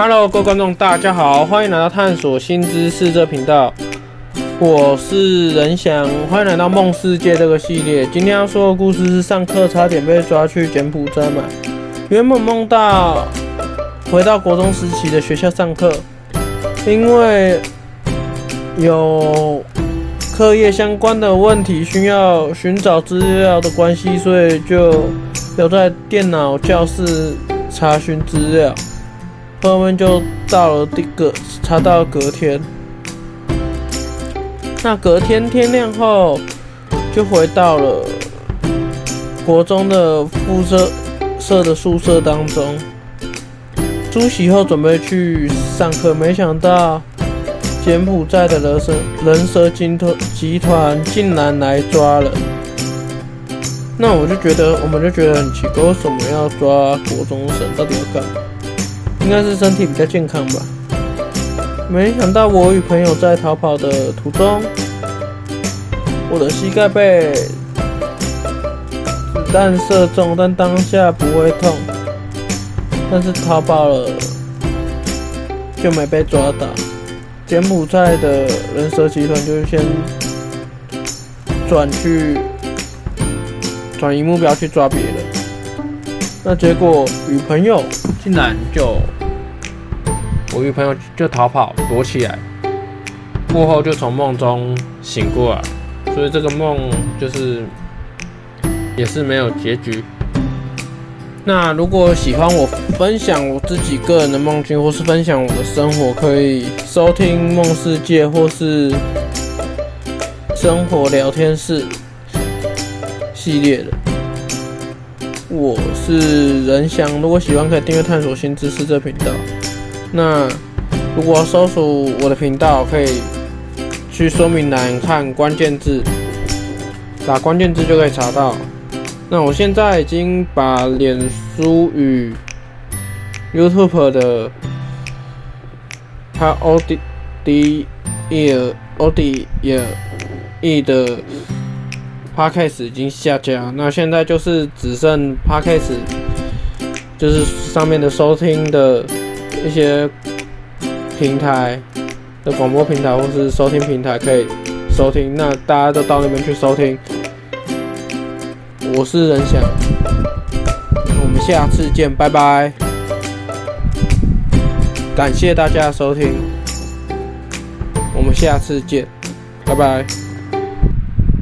Hello，各位觀眾，大家好，歡迎來到探索新知識這頻道。我是仁翔，歡迎來到夢世界這個系列。今天要說的故事是上課差點被抓去柬埔寨賣。原本夢到回到國中時期的學校上課，因為有課業相關的問題需要尋找資料的關係，所以就留在電腦教室查詢資料。後面就到了第隔，查到隔天。那隔天天亮後，就回到了國中的宿舍，舍的宿舍當中。梳洗後準備去上課，沒想到柬埔寨的人蛇人蛇集團集團竟然來抓了。那我就覺得，我們就覺得很奇怪，為什麼要抓國中生？到底要幹嘛？應該是身體比較健康吧。沒想到我與朋友在逃跑的途中，我的膝蓋被子彈射中，但當下不會痛。但是逃跑了就沒被抓到。柬埔寨的人蛇集團就先轉去轉移目標去抓別人。那結果與朋友竟然就。我一朋友就逃跑躲起來，過後就從夢中醒過來。所以這個夢就是也是沒有結局。那如果喜歡我分享我自己個人的夢境或是分享我的生活，可以收聽《夢世界》或是《生活聊天室》系列的。我是仁翔，如果喜歡可以訂閱探索新知識這頻道。那如果搜索我的頻道，可以去說明欄看關鍵字，打關鍵字就可以查到。那我現在已經把臉書與 YouTube 的它 Odysee Odysee 的 Podcast 已經下架，那現在就是只剩 Podcast，就是上面的收聽的。一些平台的廣播平台或是收聽平台可以收聽，那大家都到那邊去收聽。我是任翔，我們下次見，拜拜。感謝大家的收聽，我們下次見，拜拜。